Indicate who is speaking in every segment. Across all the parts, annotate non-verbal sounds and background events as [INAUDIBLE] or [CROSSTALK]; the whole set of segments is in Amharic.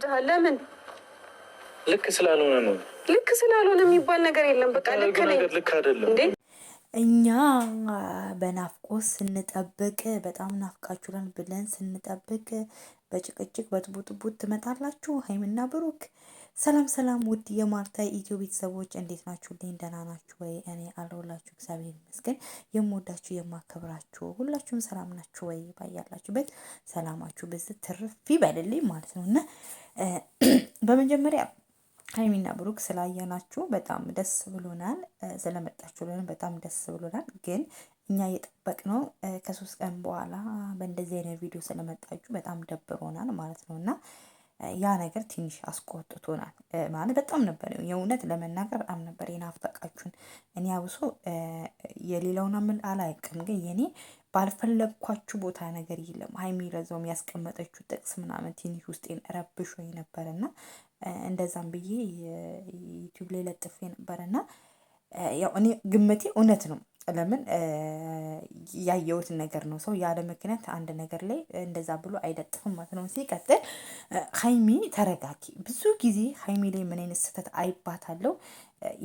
Speaker 1: ይወስድሃል። ለምን?
Speaker 2: ልክ ስላልሆነ ነው።
Speaker 1: ልክ ስላልሆነ የሚባል ነገር የለም።
Speaker 2: በቃ ልክ ልክ አይደለም።
Speaker 1: እኛ በናፍቆት ስንጠብቅ በጣም ናፍቃችሁላን ብለን ስንጠብቅ በጭቅጭቅ በጥቡጥቡት ትመጣላችሁ። ሀይምና ብሩክ ሰላም ሰላም፣ ውድ የማርታ ኢትዮ ቤተሰቦች እንዴት ናችሁ? ልኝ ደህና ናችሁ ወይ? እኔ አለሁላችሁ እግዚአብሔር ይመስገን። የምወዳችሁ የማከብራችሁ ሁላችሁም ሰላም ናችሁ ወይ? ባያላችሁበት ሰላማችሁ ብዝ ትርፍ ይበልልኝ ማለት ነው እና [CLEARS THROAT] በመጀመሪያ ሀይሚና ብሩክ ስላየናችሁ በጣም ደስ ብሎናል። ስለመጣችሁልን በጣም ደስ ብሎናል። ግን እኛ የጠበቅነው ከሶስት ቀን በኋላ በእንደዚህ አይነት ቪዲዮ ስለመጣችሁ በጣም ደብሮናል ማለት ነው እና ያ ነገር ትንሽ አስቆጥቶናል ማለት በጣም ነበር። የእውነት ለመናገር በጣም ነበር የናፈቃችሁን። እኔ አብሶ የሌላውን አላያቅም፣ ግን የኔ ባልፈለግኳችሁ ቦታ ነገር የለም። ሀይሚ ለዛውም ያስቀመጠችው ጥቅስ ምናምን ትንሽ ውስጤን ነበር ነበርና እንደዛም ብዬ ዩቲዩብ ላይ ለጥፌ ነበርና ያው እኔ ግምቴ እውነት ነው። ለምን ያየሁትን ነገር ነው። ሰው ያለ ምክንያት አንድ ነገር ላይ እንደዛ ብሎ አይለጥፍም ማለት ነው። ሲቀጥል ሀይሚ ተረጋጊ። ብዙ ጊዜ ሀይሚ ላይ ምን አይነት ስህተት አይባታለው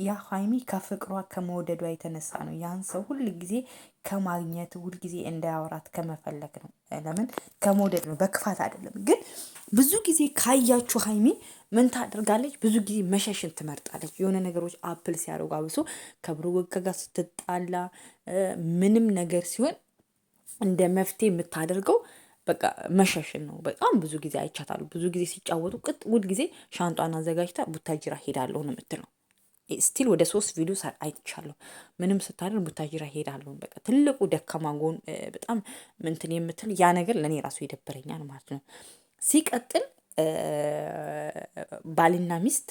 Speaker 1: ያ ሀይሚ ከፍቅሯ ከመወደዷ የተነሳ ነው ያን ሰው ሁል ጊዜ ከማግኘት ሁል ጊዜ እንዳያወራት ከመፈለግ ነው። ለምን ከመውደድ ነው፣ በክፋት አይደለም። ግን ብዙ ጊዜ ካያችሁ ሀይሚ ምን ታደርጋለች? ብዙ ጊዜ መሸሽን ትመርጣለች። የሆነ ነገሮች አፕል ሲያደርጉ አብሶ ከብሩክ ጋር ስትጣላ ምንም ነገር ሲሆን እንደ መፍትሄ የምታደርገው በቃ መሸሽን ነው። በጣም ብዙ ጊዜ አይቻታሉ። ብዙ ጊዜ ሲጫወቱ ቅጥ ሁል ጊዜ ሻንጧን አዘጋጅታ ቡታጅራ ሄዳለሁ ነው የምትለው። ስቲል ወደ ሶስት ቪዲዮ አይቻለሁ። ምንም ስታደር ቡታጅራ ሄዳለሁ። በቃ ትልቁ ደካማ ጎን በጣም ምንትን የምትል ያ ነገር ለእኔ ራሱ ይደበረኛል ማለት ነው። ሲቀጥል ባልና ሚስት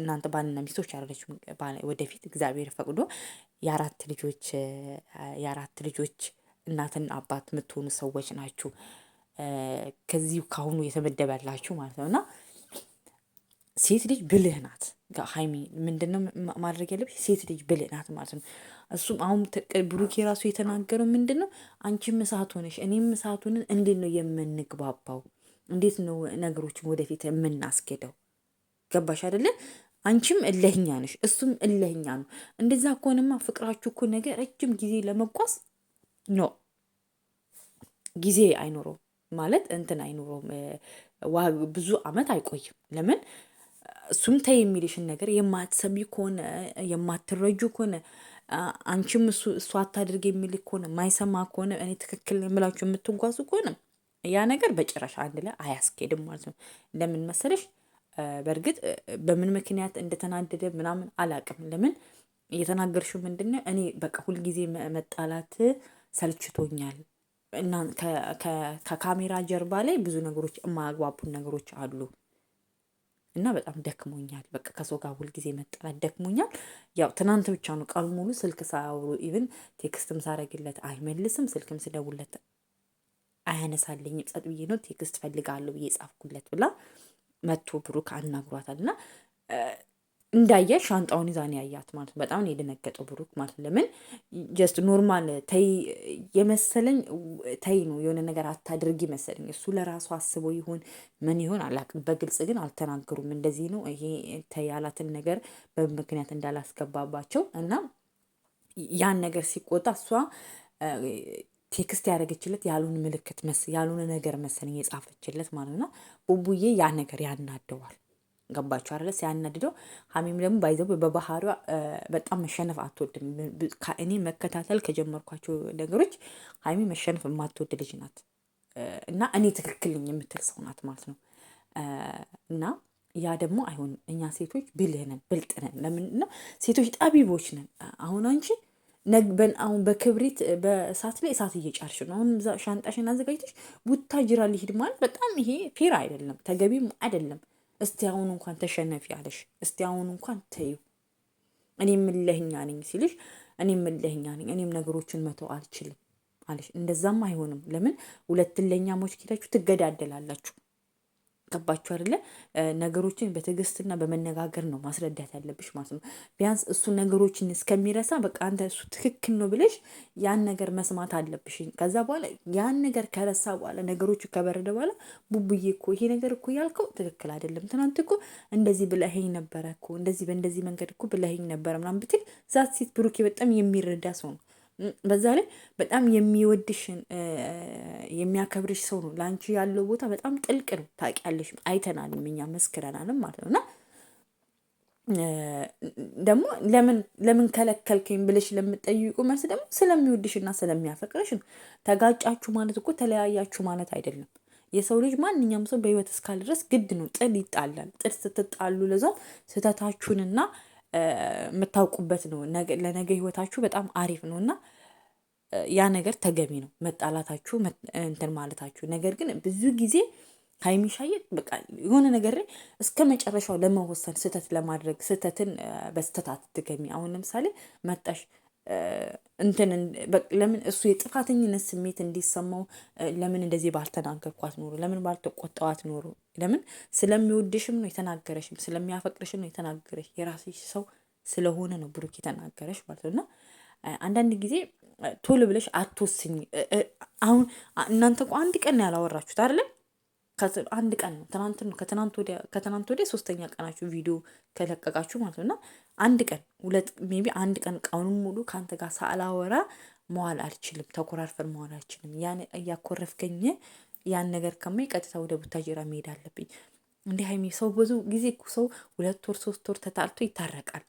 Speaker 1: እናንተ ባልና ሚስቶች ያለች ወደፊት እግዚአብሔር ፈቅዶ የአራት ልጆች የአራት ልጆች እናትና አባት የምትሆኑ ሰዎች ናችሁ። ከዚሁ ከአሁኑ የተመደበላችሁ ማለት ነው እና ሴት ልጅ ብልህ ናት። ሀይሚ ምንድነው ማድረግ ያለብሽ? ሴት ልጅ ብልህ ናት ማለት ነው። እሱም አሁን ብሩኬ ራሱ የተናገረው ምንድን ነው አንቺም እሳት ሆነሽ እኔም እሳት ሆነን እንዴት ነው የምንግባባው? እንዴት ነው ነገሮችን ወደፊት የምናስኬደው? ገባሽ አይደለ? አንቺም እለህኛ ነሽ፣ እሱም እለህኛ ነው። እንደዛ ከሆነማ ፍቅራችሁ እኮ ነገ ረጅም ጊዜ ለመጓዝ ኖ ጊዜ አይኖረውም ማለት እንትን አይኖረውም፣ ብዙ አመት አይቆይም። ለምን እሱም ተይ የሚልሽን ነገር የማትሰሚ ከሆነ የማትረጁ ከሆነ አንቺም እሱ እሱ አታድርግ የሚል ከሆነ ማይሰማ ከሆነ እኔ ትክክል ብላችሁ የምትጓዙ ከሆነ ያ ነገር በጭራሽ አንድ ላይ አያስኬድም ማለት ነው። ለምን መሰለሽ? በእርግጥ በምን ምክንያት እንደተናደደ ምናምን አላቅም። ለምን እየተናገርሽው ምንድን ነው? እኔ በቃ ሁልጊዜ መጣላት ሰልችቶኛል እና ከካሜራ ጀርባ ላይ ብዙ ነገሮች የማያግባቡን ነገሮች አሉ እና በጣም ደክሞኛል። በቃ ከሰው ጋር ሁልጊዜ መጠራት ደክሞኛል። ያው ትናንት ብቻ ነው ቀኑ ሙሉ ስልክ ሳያወሩ ኢቭን ቴክስትም ሳረግለት አይመልስም። ስልክም ስደውለት አያነሳልኝም። ጸጥ ብዬ ነው ቴክስት ፈልጋለሁ ብዬ ጻፍኩለት ብላ መቶ ብሩክ አናግሯታል እና እንዳየ ሻንጣውን ይዛን ያያት ማለት ነው። በጣም የደነገጠው ብሩክ ማለት ለምን ጀስት ኖርማል ተይ የመሰለኝ ተይ ነው የሆነ ነገር አታድርግ ይመሰለኝ። እሱ ለራሱ አስቦ ይሁን ምን ይሁን አላውቅም። በግልጽ ግን አልተናገሩም። እንደዚህ ነው ይሄ ተይ ያላትን ነገር በምክንያት እንዳላስገባባቸው እና ያን ነገር ሲቆጣ እሷ ቴክስት ያደረገችለት ያሉን ምልክት ያሉን ነገር መሰለኝ የጻፈችለት ማለት ነው። ቡቡዬ ያ ነገር ያናደዋል ገባችሁ አለ ሲያናድደው። ሀሚም ደግሞ ባይዘው በባህሪዋ በጣም መሸነፍ አትወድም። እኔ መከታተል ከጀመርኳቸው ነገሮች ሀሚ መሸነፍ የማትወድ ልጅ ናት እና እኔ ትክክልኝ የምትል ሰው ናት ማለት ነው። እና ያ ደግሞ አይሆንም። እኛ ሴቶች ብልህ ነን፣ ብልጥ ነን። ለምንድን ሴቶች ጠቢቦች ነን። አሁን አንቺ ነግበን አሁን በክብሪት በእሳት ላይ እሳት እየጫርሽ ነው። አሁን ሻንጣሽን አዘጋጅተሽ ቡታ ጅራ ሊሄድ ማለት በጣም ይሄ ፌር አይደለም፣ ተገቢም አይደለም። እስቲ አሁን እንኳን ተሸነፊ ያለሽ፣ እስቲ አሁን እንኳን ተዩ። እኔም እልህኛ ነኝ ሲልሽ እኔም ምለህኛ ነኝ፣ እኔም ነገሮችን መተው አልችልም አለሽ። እንደዛም አይሆንም። ለምን ሁለት እልህኛሞች ኪዳችሁ ትገዳደላላችሁ? ገባችሁ አይደለ? ነገሮችን በትዕግስትና በመነጋገር ነው ማስረዳት ያለብሽ ማለት ነው። ቢያንስ እሱ ነገሮችን እስከሚረሳ በቃ አንተ እሱ ትክክል ነው ብለሽ ያን ነገር መስማት አለብሽ። ከዛ በኋላ ያን ነገር ከረሳ በኋላ ነገሮቹ ከበረደ በኋላ ቡቡዬ እኮ ይሄ ነገር እኮ ያልከው ትክክል አይደለም፣ ትናንት እኮ እንደዚህ ብለኸኝ ነበረ እኮ እንደዚህ በእንደዚህ መንገድ እኮ ብለኸኝ ነበረ ምናምን ብትል ዛት ሴት ብሩኬ በጣም የሚረዳ ሰው ነው። በዛ ላይ በጣም የሚወድሽን የሚያከብርሽ ሰው ነው። ለአንቺ ያለው ቦታ በጣም ጥልቅ ነው። ታውቂያለሽ፣ አይተናልም፣ እኛ መስክረናልም ማለት ነው እና ደግሞ ለምን ለምን ከለከልከኝ ብለሽ ለምጠይቁ መልስ ደግሞ ስለሚወድሽና ስለሚያፈቅርሽ ነው። ተጋጫችሁ ማለት እኮ ተለያያችሁ ማለት አይደለም። የሰው ልጅ ማንኛውም ሰው በህይወት እስካል ድረስ ግድ ነው፣ ጥል ይጣላል። ጥል ስትጣሉ ለዛም ስህተታችሁንና የምታውቁበት ነው። ለነገ ህይወታችሁ በጣም አሪፍ ነው እና ያ ነገር ተገቢ ነው መጣላታችሁ፣ እንትን ማለታችሁ። ነገር ግን ብዙ ጊዜ ሀይሚሻዬ በቃ የሆነ ነገር ላይ እስከ መጨረሻው ለመወሰን ስህተት ለማድረግ ስህተትን በስህተት አትገሚ። አሁን ለምሳሌ መጣሽ እንትን ለምን እሱ የጥፋተኝነት ስሜት እንዲሰማው ለምን እንደዚህ ባልተናገርኳት ኖሮ ለምን ባልተቆጣዋት ኖሮ ለምን ስለሚወድሽም ነው የተናገረሽም ስለሚያፈቅርሽም ነው የተናገረሽ የራስሽ ሰው ስለሆነ ነው ብሩክ የተናገረሽ ማለት ነው እና አንዳንድ ጊዜ ቶሎ ብለሽ አትወስኝ አሁን እናንተ እኮ አንድ ቀን ያላወራችሁት አይደለም አንድ ቀን ነው። ትናንት ነው ከትናንት ወዲያ ሶስተኛ ቀናችሁ ቪዲዮ ከለቀቃችሁ ማለት ነው። እና አንድ ቀን ሁለት ሜቢ አንድ ቀን ቀኑን ሙሉ ከአንተ ጋር ሳላወራ መዋል አልችልም። ተኮራርፈን መዋል አልችልም። ያን እያኮረፍከኝ ያን ነገር ከማ ቀጥታ ወደ ቡታጅራ መሄድ አለብኝ። እንዲህ ሀይሚ ሰው ብዙ ጊዜ ሰው ሁለት ወር ሶስት ወር ተጣልቶ ይታረቃል።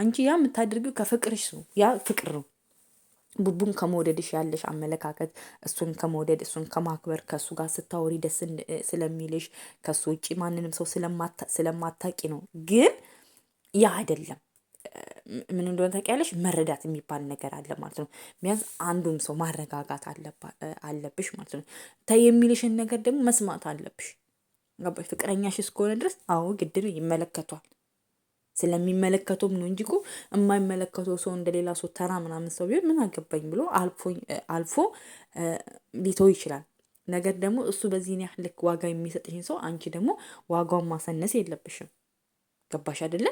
Speaker 1: አንቺ ያ የምታደርጊው ከፍቅርሽ ነው። ያ ፍቅር ነው። ቡቡን ከመውደድሽ ያለሽ አመለካከት እሱን ከመውደድ እሱን ከማክበር ከእሱ ጋር ስታወሪ ደስ ስለሚልሽ ከእሱ ውጭ ማንንም ሰው ስለማታቂ ነው። ግን ያ አይደለም። ምን እንደሆነ ታውቂያለሽ? መረዳት የሚባል ነገር አለ ማለት ነው። ቢያንስ አንዱም ሰው ማረጋጋት አለብሽ ማለት ነው። ተይ የሚልሽን ነገር ደግሞ መስማት አለብሽ። ፍቅረኛሽ እስከሆነ ድረስ አዎ፣ ግድ ነው፣ ይመለከቷል። ስለሚመለከተውም ነው እንጂ እኮ የማይመለከተው ሰው እንደሌላ ሰው ተራ ምናምን ሰው ቢሆን ምን አገባኝ ብሎ አልፎ ሊተው ይችላል። ነገር ደግሞ እሱ በዚህን ያህል ልክ ዋጋ የሚሰጥሽን ሰው አንቺ ደግሞ ዋጋውን ማሳነስ የለብሽም። ገባሽ አይደለ?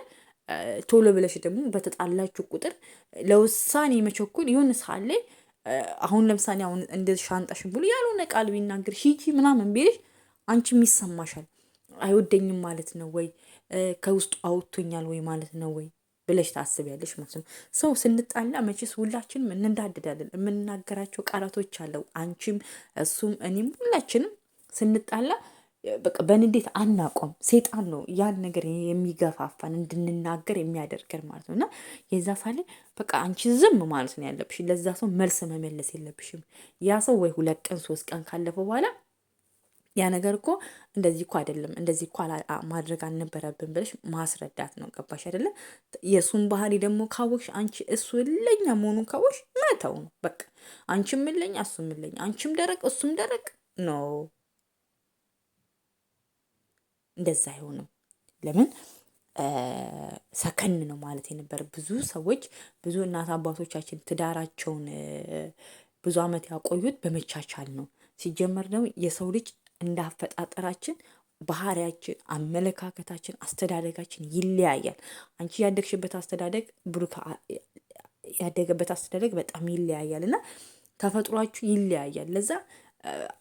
Speaker 1: ቶሎ ብለሽ ደግሞ በተጣላችሁ ቁጥር ለውሳኔ መቸኮል ይሁን ሰዓት አሁን ለምሳሌ አሁን እንደ ሻንጣሽን ብሎ ያልሆነ ቃል ቢናገር ሂጂ ምናምን ቢልሽ አንቺም ይሰማሻል። አይወደኝም ማለት ነው ወይ ከውስጡ አውጥቶኛል ወይ ማለት ነው ወይ ብለሽ ታስቢያለሽ ማለት ነው። ሰው ስንጣላ መቼስ ሁላችንም እንንዳድዳለን። የምንናገራቸው ቃላቶች አለው። አንቺም፣ እሱም፣ እኔም ሁላችንም ስንጣላ በቃ በንዴት አናቆም። ሴጣን ነው ያን ነገር የሚገፋፋን እንድንናገር የሚያደርገን ማለት ነው። እና የዛ ሳለ በቃ አንቺ ዝም ማለት ነው ያለብሽ። ለዛ ሰው መልስ መመለስ የለብሽም። ያ ሰው ወይ ሁለት ቀን ሶስት ቀን ካለፈው በኋላ ያ ነገር እኮ እንደዚህ እኮ አይደለም፣ እንደዚህ እኮ ማድረግ አልነበረብን ብለሽ ማስረዳት ነው። ገባሽ አይደለም? የእሱን ባህሪ ደግሞ ካወቅሽ አንቺ እሱ እለኛ መሆኑን ካወቅሽ መተው ነው በቃ። አንቺም እለኝ፣ እሱም እለኝ፣ አንቺም ደረቅ፣ እሱም ደረቅ ነው። እንደዛ አይሆንም። ለምን ሰከን ነው ማለት የነበር። ብዙ ሰዎች ብዙ እናት አባቶቻችን ትዳራቸውን ብዙ ዓመት ያቆዩት በመቻቻል ነው። ሲጀመር ደግሞ የሰው ልጅ እንዳፈጣጠራችን አፈጣጠራችን ባህሪያችን፣ አመለካከታችን፣ አስተዳደጋችን ይለያያል። አንቺ ያደግሽበት አስተዳደግ ብሩክ ያደገበት አስተዳደግ በጣም ይለያያል እና ተፈጥሯችሁ ይለያያል። ለዛ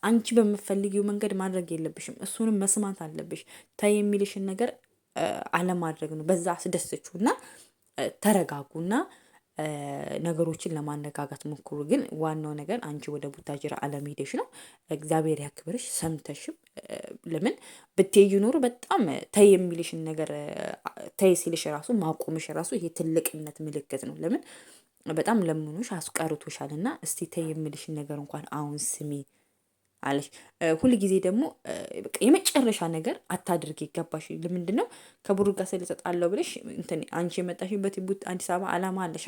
Speaker 1: አንቺ በምፈልጊው መንገድ ማድረግ የለብሽም። እሱንም መስማት አለብሽ። ታይ የሚልሽን ነገር አለማድረግ ነው። በዛ እና ተረጋጉና ነገሮችን ለማነጋጋት ሞክሩ። ግን ዋናው ነገር አንቺ ወደ ቡታጅራ አለመሄደሽ ነው። እግዚአብሔር ያክብርሽ። ሰምተሽም ለምን ብትይ ኖሮ በጣም ተይ የሚልሽን ነገር ተይ ሲልሽ ራሱ ማቆምሽ ራሱ ይሄ ትልቅነት ምልክት ነው። ለምን በጣም ለምኖሽ አስቀርቶሻል። እና እስቲ ተይ የሚልሽን ነገር እንኳን አሁን ስሜ አለች። ጊዜ ደግሞ የመጨረሻ ነገር አታድርግ ይገባሽ። ለምንድን ነው ከብሩ ጋር ስለተጣላው ብለሽ አንቺ የመጣሽበት ቡት አዲስ አበባ አላማ አለሻ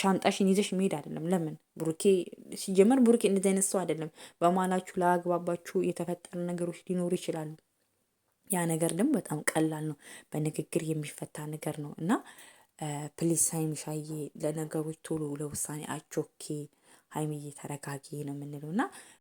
Speaker 1: ሻንጣሽን ይዘሽ መሄድ አይደለም። ለምን ብሩኬ ሲጀመር ብሩኬ እንደዚህ አይነት ሰው አይደለም። በማላችሁ ለአግባባችሁ የተፈጠረ ነገሮች ሊኖሩ ይችላሉ። ያ ነገር ደግሞ በጣም ቀላል ነው፣ በንግግር የሚፈታ ነገር ነው እና ፕሊዝ ሀይሚሻዬ ለነገሮች ቶሎ ለውሳኔ አቾኬ ሀይሚዬ ተረጋጊ ነው የምንለው እና